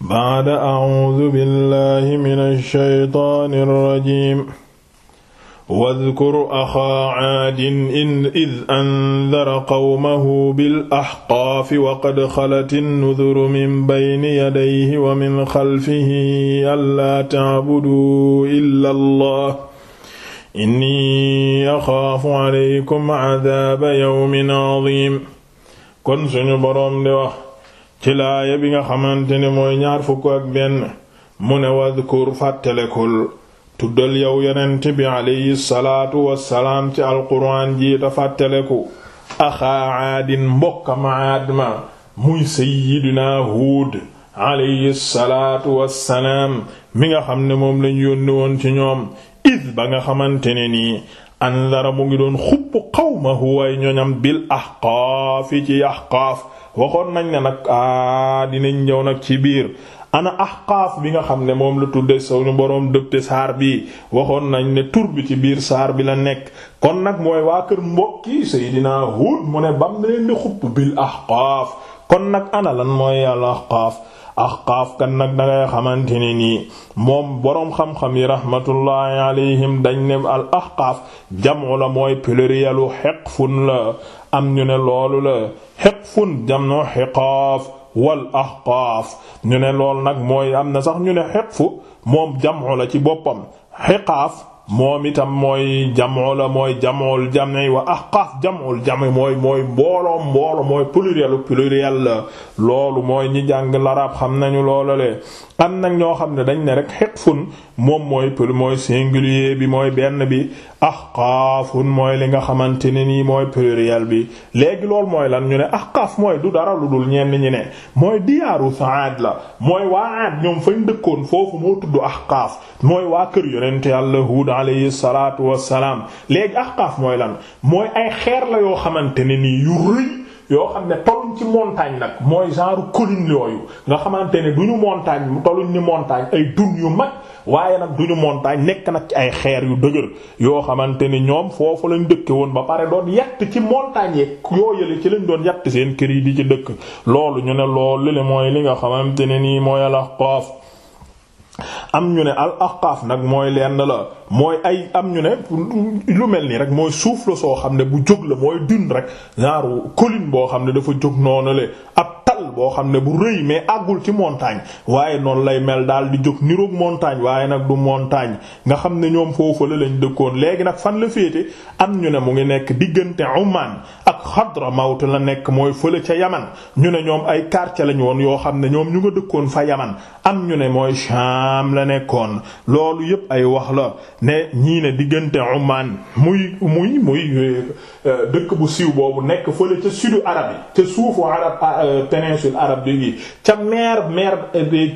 baada acuudu billahi min alshaytaani alrajim wadkur axaa caadin in id andara qawmahu bilaxqaafi waqad xalat nnuduru min bayni yadayhi wa min xalfihi allaa tacbuduu illa allah inni axaafu calaykum cadaaba yawmin cadim kon suñu boroom di wax ci laaya bi nga xamante ne mooy ñaar fukk ak benn mu ne wadkur fàttalekul tuddal yow yonent bi alayhi salaatu wassalaam ci alquraan ji ta fàttaleku axaa aadin mbokkam aad ma muy sayyidina huud alayhi salaatu wassalaam mi nga xam ne moom lañ yónni woon ci ñoom id ba nga xamante ne nii andara mu ngi doon xupp qawmahu ay ñoñam bil ahqaaf ci ahqaaf waxoon nañ ne nag a ah, dinañ ñëw nag ci biir ana ahqaaf bi nga xam ne moom la tudde suñu boroom dëpte saar bi waxoon nañ ne tur bi ci biir saar bi la nekk kon nag mooy waa kër mbokki Seydina Hud mu ne bam na leen di xupp bil ahqaaf kon nag ana lan mooy al ahqaaf ahqaaf kan nag dangay xamante ne nii moom boroom xam-xam yi rahmatullahi alayhim dañ ne al ahqaaf jam'u la mooy plurielu xeqfun la am ñu ne loolu la xeqfun jam'u xiqaaf wal ahqaaf ñu ne lool nag mooy am na sax ñu ne xiqfu moom jam'u la ci boppam xiqaaf moom itam mooy jamoo la mooy jamool jami wa ahqaf jamool jami mooy mooy mbooloo mbooloo mooy pluriel pluriel la loolu mooy ñi jàng larab xam nañu loola le am nag ñoo xam ne dañ ne rek hiqfun moom mooy pluriel mooy singulier bi mooy benn bi ahqafun mooy li nga xamante ne nii mooy pluriel bi léegi loolu mooy lan ñu ne ahqaf mooy du dara lu dul ñenn ñi ne mooy diyaaru Saad la mooy waa Aad ñoom fañ dëkkoon foofu moo tudd ahqaf mooy waa kër yonent Yàlla Huud alayhi salaatu wassalaam léegi ahqaaf mooy lan mooy ay xeer la yoo xamante ne nii yu rëy yoo xam ne tolluñ ci montagne nag mooy genre colline yooyu nga xamante ne du ñu montagne mu ni montagne ay dun yu mag waaye nag du ñu montagne nekk nag ci ay xeer yu dëgër yoo xamante ni ñoom foofu lañ dëkke woon ba pare doon yatt ci montagne yeeg ci lañ doon yatt seen kër yi di ci dëkk loolu ñu ne loolu li mooy li nga xamante ne nii mooy al ahqaf am ñu ne al aqaaf nag mooy lenn la mooy ay am ñu ne lu mel nii rek mooy suuf la soo xam ne bu jóg la mooy dund rek genre colline boo xam ne dafa jóg noonu le ab dal boo xam ne bu rëy mais àggul ci montagne waaye noonu lay mel daal di jóg niroog montagne waaye nag du montagne nga xam ne ñoom foofu la lañ dëkkoon léegi nag fan la féete am ñu ne mu ngi nekk diggante Oman ak Xadramawt la nekk mooy fële ca Yaman ñu ne ñoom ay quartier lañ woon yoo xam ne ñoom ñu nga dëkkoon fa Yaman am ñu ne mooy Sham la nekkoon loolu yëpp ay wax la ne ñii ne diggante Oman muy muy muy euh, euh, dëkk bu siiw boobu nekk fële ca sudu arab yi suufu arab euh, péninsule arabique yi ca mer mer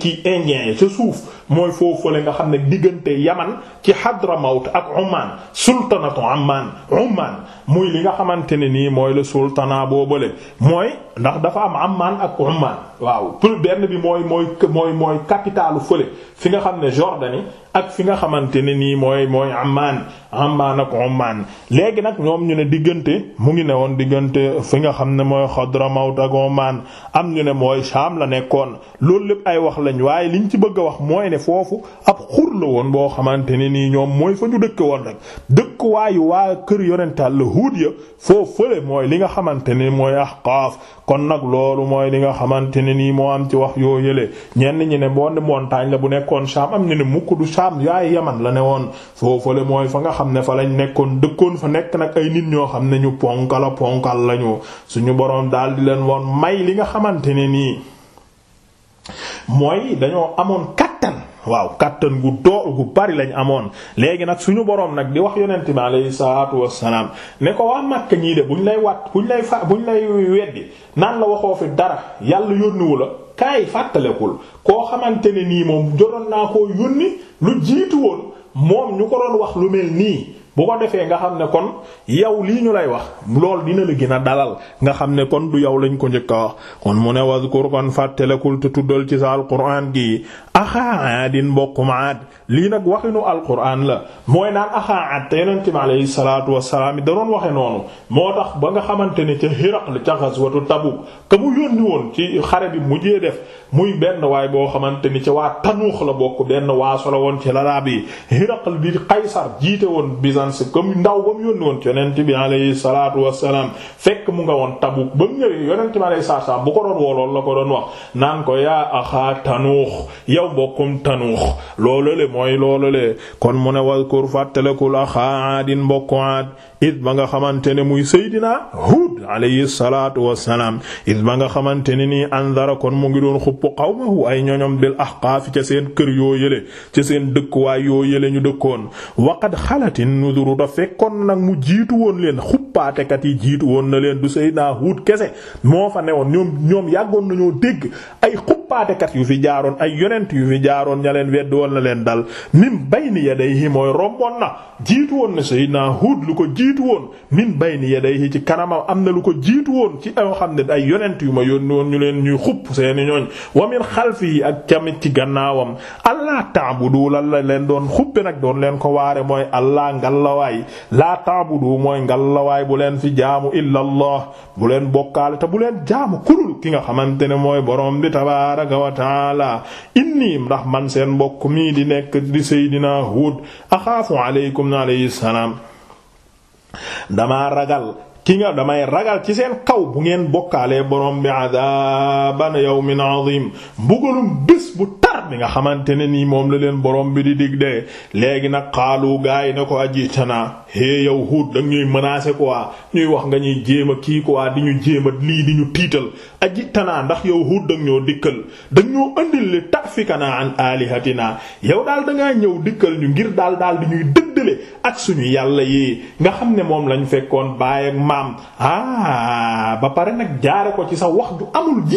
ci euh, indien yi ca suuf mooy foofu la nga xam ne diggante yaman ci Hadramaut ak Oman sultanatu Amman Oman muy li nga xamante ne nii mooy le sultanat boobale mooy ndax dafa am Amman ak Oman waaw pour benn bi mooy mooy mooy mooy capitalu fële fi nga xam ne Jordanie ak fi nga xamante ne nii mooy mooy Amman Amman ak Oman léegi nag ñoom ñu ne diggante mu ngi ne woon diggante fi nga xam ne mooy Xadramawt ak Oman am ñu ne mooy saam la nekkoon loolu lépp ay wax lañ waaye liñ ci bëgg a wax mooy ne foofu ab xur la woon boo xamante ni nii ñoom mooy fa ñu dëkk woon rek dëkkuwaayu waa kër yonental la huud ya foo fële mooy li nga xamante ne mooy Ahqaaf kon nag loolu mooy li nga xamante ne nii moo am ci wax yoo yële ñenn ñi ne bonne montagne la bu nekkoon Sham am ñu ne mukk du Sham yaay Yaman la ne woon foo fële mooy fa nga xam ne fa lañ nekkoon dëkkoon fa nekk nag ay nit ñoo xam ne ñu ponkala ponkal lañu suñu boroom daal di leen woon may li nga xamante ne nii mooy dañoo amoon kat waaw kàttan gu doo gu bari lañu amoon léegi nag suñu boroom nag di wax yonent bi alayhi salaatu wassalaam ne ko waa Makka ñii de bu ñu lay wat buñ lay fa buñ lay weddi naan la waxoo fi dara yàlla yónniwu la kaay fàttalekul koo xamante ne nii moom jotoon naa koo yónni lu jiitu woon moom ñu ko doon wax lu mel nii bu ko defee nga xam ne kon yow lii ñu lay wax lool dina la gën a dalal nga xam ne kon du yow lañ ko njëkk a wax kon mu ne wazkur kon fàttalekul te tuddal ci sa alquran gi axaa aadin mbokkum aad lii nag waxinu alquran la mooy naan axaa aad te yonent mi aleyhi salaatu wasalaam da doon waxe noonu moo tax ba nga xamante ne ca Hiraql ca ghazwatu Tabuk ka mu yónni woon ci xare bi mujjee def muy benn waay boo xamante ni ca waa Tanuux la bokk benn waaso la woon ci laraab yi Hiraql bi Qaysar jiite woon Byzance comme ndaw ba mu yónni woon ci yonent bi aleyhi salaatu wasalaam fekk mu nga woon Tabuk ba mu ñëwee yonent la ko doon wax naan bokkum tanuux loolu le mooy loolu le kon mu ne wazkur fàttalekul axaa aadin mbokku aad it ba nga xamante ne muy seydinaa alayhi salaatu wassalaam is ba nga xamante ne nii andara kon mu ngi doon xupp qawmahu ay ñoñom bil ahqaaf ca seen kër yoo yële ca seen dëkkuwaay yoo yële ñu dëkkoon waqad xalatin nuzuru da fekkoon nag mu jiitu woon leen xuppaatekat yi jiitu woon na leen du Seydina Huud kese moo fa newoon ñoom ñoom yàggoon nañoo dégg ay xuppaatekat yu fi jaaroon ay yonent yu fi jaaroon ña leen wedd woon na leen dal min bayni yadayhi mooy romboon na jiitu woon na Seydina Huud ko jiitu lu ko jiitu woon ci yoo xam ay yonent yu ma yónni woon ñu leen ñuy xupp seeni ñooñ wa min xalfihi ak tamit ci gannaawam allah ta'budu lan la leen doon xuppe nag doon leen ko waare mooy allah ngallawaay laa ta'budu mooy ngallawaay bu leen fi jaamu illa allah bu leen bokkaale te bu leen jaamu kurul ki nga xamante ne mooy borom bi tabaaraka wa taala ndax man seen mbokk mii di nekk di seydina Hud axaafu aleykum alayhi salaam ragal ki nga damay ragal ci seen kaw bu ngeen bokkaalee borom bi adaban yawmin azim mbugalum bés bu bi nga xamante ne nii moom la leen borom bi di dig de léegi nag xaalu gars yi ne ko ajitana hé yow Huud dang ñuy ko quoi ñuy wax nga ñuy jéem a kii quoi di ñu jéem a lii di ñu tiital ajitana ndax yow Huud dang ñoo dikkal dang ñoo andil li tafikana an alihatina yow daal da ñëw dikkal ñu ngir daal daal di ñuy dëddale ak suñu yàlla yi nga xam ne moom lañ fekkoon baay ak maam ah ba pare nag jaare ko ci sa wax ju amul ji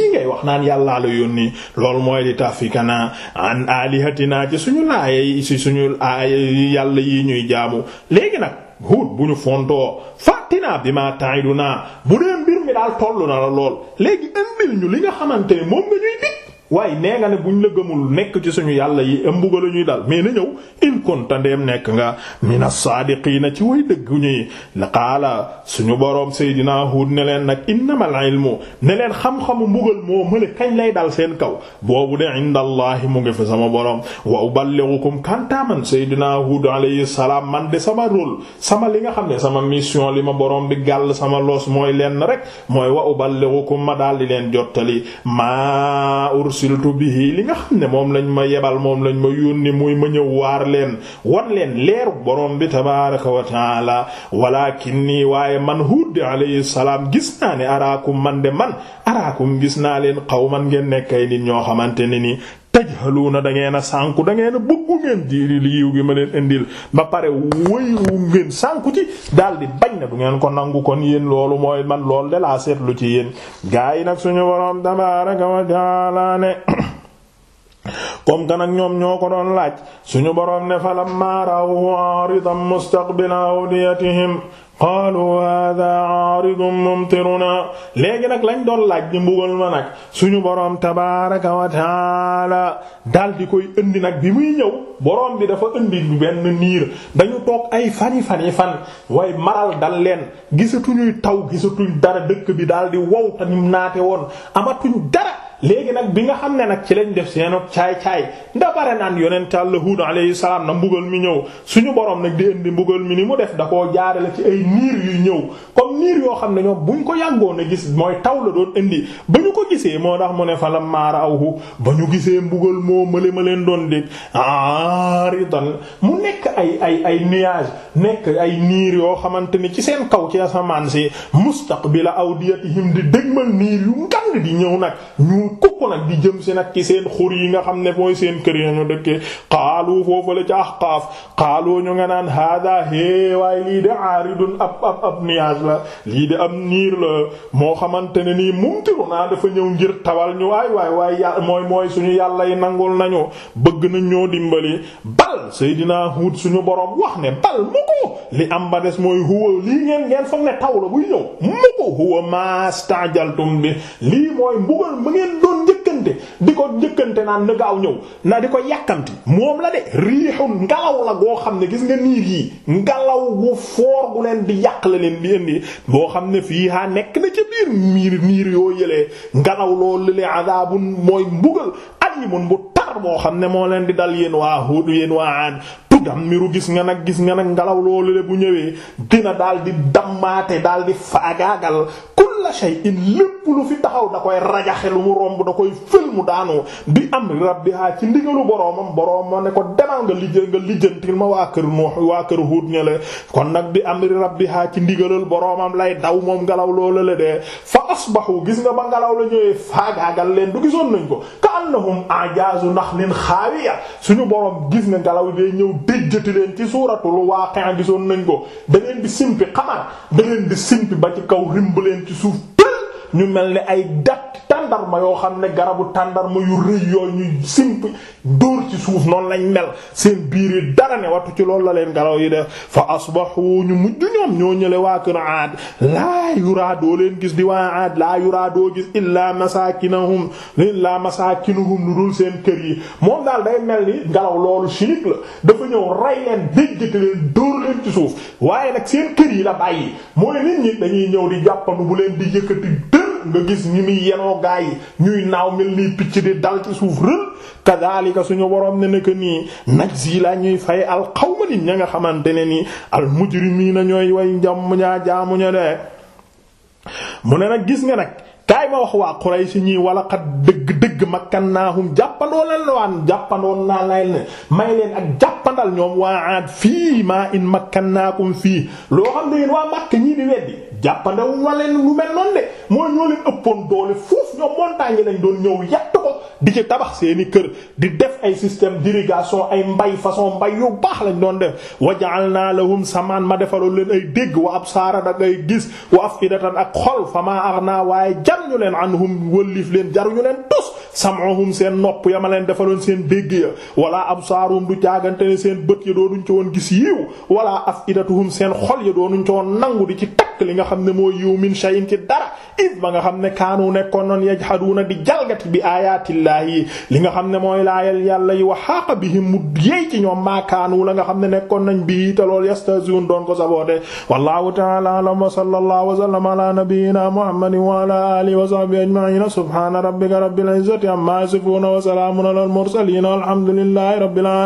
an alihatina ci suñu laaya ci suñu aaya yàlla yi ñuy jaamu léegi nag Hud bu ñu fontoo fàttinaa bi ma ta'iduna bu dee mbir mi daal tollu na la lool léegi ëmbil ñu li nga xamante moom nga ñuy dig waaye nee nga ne buñ la gëmul nekk ci suñu yàlla yi mbuga la ñuy dal mais na ñëw in kunta ndeem nekk nga mina saadiqiina ci way dëgg ñuy qaala suñu boroom Seydina Huud ne leen nag innamal ma ne leen xam-xamu mbugal moo mële kañ lay dal seen kaw boobu de inda allahi mu ngi fi sama boroom wa uballighukum kantaaman Seydina Huud alayhi salaam man de sama rôle sama li nga xam ne sama mission li ma boroom bi gàll sama los mooy leen rek mooy wa uballighukum ma daal di leen jottali ma ursiltu bihi li nga xam ne moom lañ ma yebal moom lañ ma yónni muy ma ñëw waar leen wan leen leer borom bi tabaaraka wa taala walaakinni waaye man huud alayhi salaam gis naa ne araakum man de man araakum gis naa leen xawman ngeen nekkay nit ñoo xamante ne ni tajhaluuna da ngeen a sànku da ngeen a bëggu ngeen diiri li yiw gi ma leen indil ba pare wëywu ngeen sànku ci daal di bañ na du ngeen ko nangu kon yéen loolu mooy man lool de laa seetlu ci yéen gaa yi nag suñu boroom tabaaraka wa taala ne comme que nag ñoom ñoo ko doon laaj suñu boroom ne falammaa ra'awhu aaridan mustaqbila awdiyatihim qaalu hada aaridun mumtiruna léegi nag lañ doon laaj di mbugal ma nag suñu borom tabaraka wa taala daal di koy ëndi nag bi muy ñëw boroom bi dafa indi bu benn niir dañu toog ay fani fani fan way maral dal leen gisatuñuy taw gisatuñ dara dëkk bi daal di wow tamit naate woon amatuñ dara léegi nag bi nga xam ne nag ci lañ def seeno caay-caay ndax bare naan yonent Yàlla Huud alayhi salaam na mbugal mi ñëw suñu borom nag di indi mbugal mi ni mu def da koo jaarale ci ay niir yuy ñëw comme niir yoo xam ne ñoom buñ ko yàggoon a gis mooy taw la doon indi ba ko gisee moo tax mu ne fa la maara awhu ba ñu gisee mbugal moo male ma leen doon dégg aaridan mu nekk ay ay ay nuage nekk ay niir yoo xamante ni ci seen kaw ci asamaan si mustaqbila awdiyatihim di dégmal niir yu ngand di ñëw nag ñuul kukku nag di jëm si nag ci seen xur yi nga xam ne mooy seen kër yi ñu dëkkee foofu la ci Ahqaaf xaalu ñu nga naan hada hee waaye lii de aaridun ab ab ab nuage la lii de am niir la moo xamante ne nii mumtiru naa dafa ñëw ngir tawal ñu waay waay waay yàlla mooy mooy suñu yàlla yi nangul nañu bëgg nañ ñoo dimbali bal Seydina Huud suñu boroom wax ne bal mu li am ba des mooy huwa lii ngeen ngeen foog ne taw la buy ñëw mu huwa mastajaltum bi lii ngeen doon njëkkante di ko njëkkante naan na gaaw ñëw na di ko yàkkanti moom la de riixul ngelaw la goo xam ne gis nga niir yi ngelaw gu foor gu leen di yàq la leen di indi boo xam ne fii haa nekk na ci biir miir niir yoo yëlee ngelaw loolu le adaabun mooy mbugal alimun bu tar boo xam ne moo leen di dal yéen waa Huud yéen waa Aad tudammiru gis nga nag gis nga nag ngelaw loolu le bu ñëwee dina daal di dammaate daal di faagaagal kulla shay'in lépp lu fi taxaw da koy rajaxe lu mu romb da koy fël mu daanu bi am rabbiha ci ndigalu boroomam boroomam ne ko demal nga lijjantil ma waa kër Nuux waa kër Huud ñele kon nag bi am rabbiha ci ndigalal boroomam lay daw moom ngelaw loolu le de fa asbahu gis nga ba ngelaw la ñëwee faagaagal leen du gisoon nañ ko ka annahum ajaazu naxlin xaawiya suñu borom gis nga ngelaw day ñëw déjjati leen ci suuratul waaqi'a gisoon nañ ko da leen di simpi xamar da leen di simpi ba ci kaw rimb leen ci suuf ñu mel ni ay dat tàndarma yoo xam ne garabu tàndarma yu rëy yooyu ñuy simp dóor ci suuf noonu lañ mel seen biir yi dara ne wattu ci loolu la leen ngelaw yi def fa asbahu ñu mujj ñoom ñoo ñële waa kër aad laa yuraadoo leen gis di waa aad laa yuraadoo gis illaa masaakinahum illaa masaakinuhum lu dul seen kër yi moo daal day mel ni ngelaw loolu chimique la dafa ñëw rey leen déjjate leen dóor leen ci suuf waaye nag seen kër yi la bàyyi mooy nit ñi dañuy ñëw di jàppandu bu leen nga gis ñi muy yenoo gaa yi ñuy naaw mel ni picc di dal ci suuf rël kadaalika suñu woroom ne nekk nii nag najzi la ñuy fay al qawma ña nga xamante ne nii al mujrimiina ñooy way njam ñaa jaamu ña de mu ne nag gis nga nag kaay ma wax waa Quraysh ñii wala xat dëgg-dëgg makkannaahum jàppandoo leen waan jàppandoo naa lay ne may leen ak jàppandal ñoom waa aad fii maa in makkannaakum fii loo xam ne yéen waa Makka ñii di weddi jàppandewu ma leen lu mel noonu de mooy ñoo leen ëppoon doole foofu ñoom montagne lañ doon ñëw yatt ko di ci tabax seeni kër di def ay système dirigation ay mbay façon mbay yu baax lañ doon def waja'alna lahum samaan ma defaloon leen ay dégg wa absaara da ngay gis wa afidatan ak xol fama naa waaye jar ñu leen anhum wëllif leen jaruñu leen tos sam'uhum seen nopp ya ma leen defaloon seen dégg ya wala absaaruhum du jaagante ne seen bët ya doonuñ ci woon gis yiw wala afidatuhum seen xol ya doonuñ ci woon nangu di ci takk li nga xam ne moo yiw min shay'in ci dara is ba nga xam ne kaanu nekkoon noon bi ayaatillaahi li nga xam ne mooy laayal wa la nga xam ne nekkoon nañ bii te lool yastahzi'un doon ko saboote wallahu ta'ala a'lam wa sallallahu wa sallama ala nabiyyina muhammadin wa ala alihi wa sahbihi ajma'in subhana rabbika rabbil izzati rahmati amma yasifuna wa salaamun alal mursaliin walhamdulillahi rabbil alamin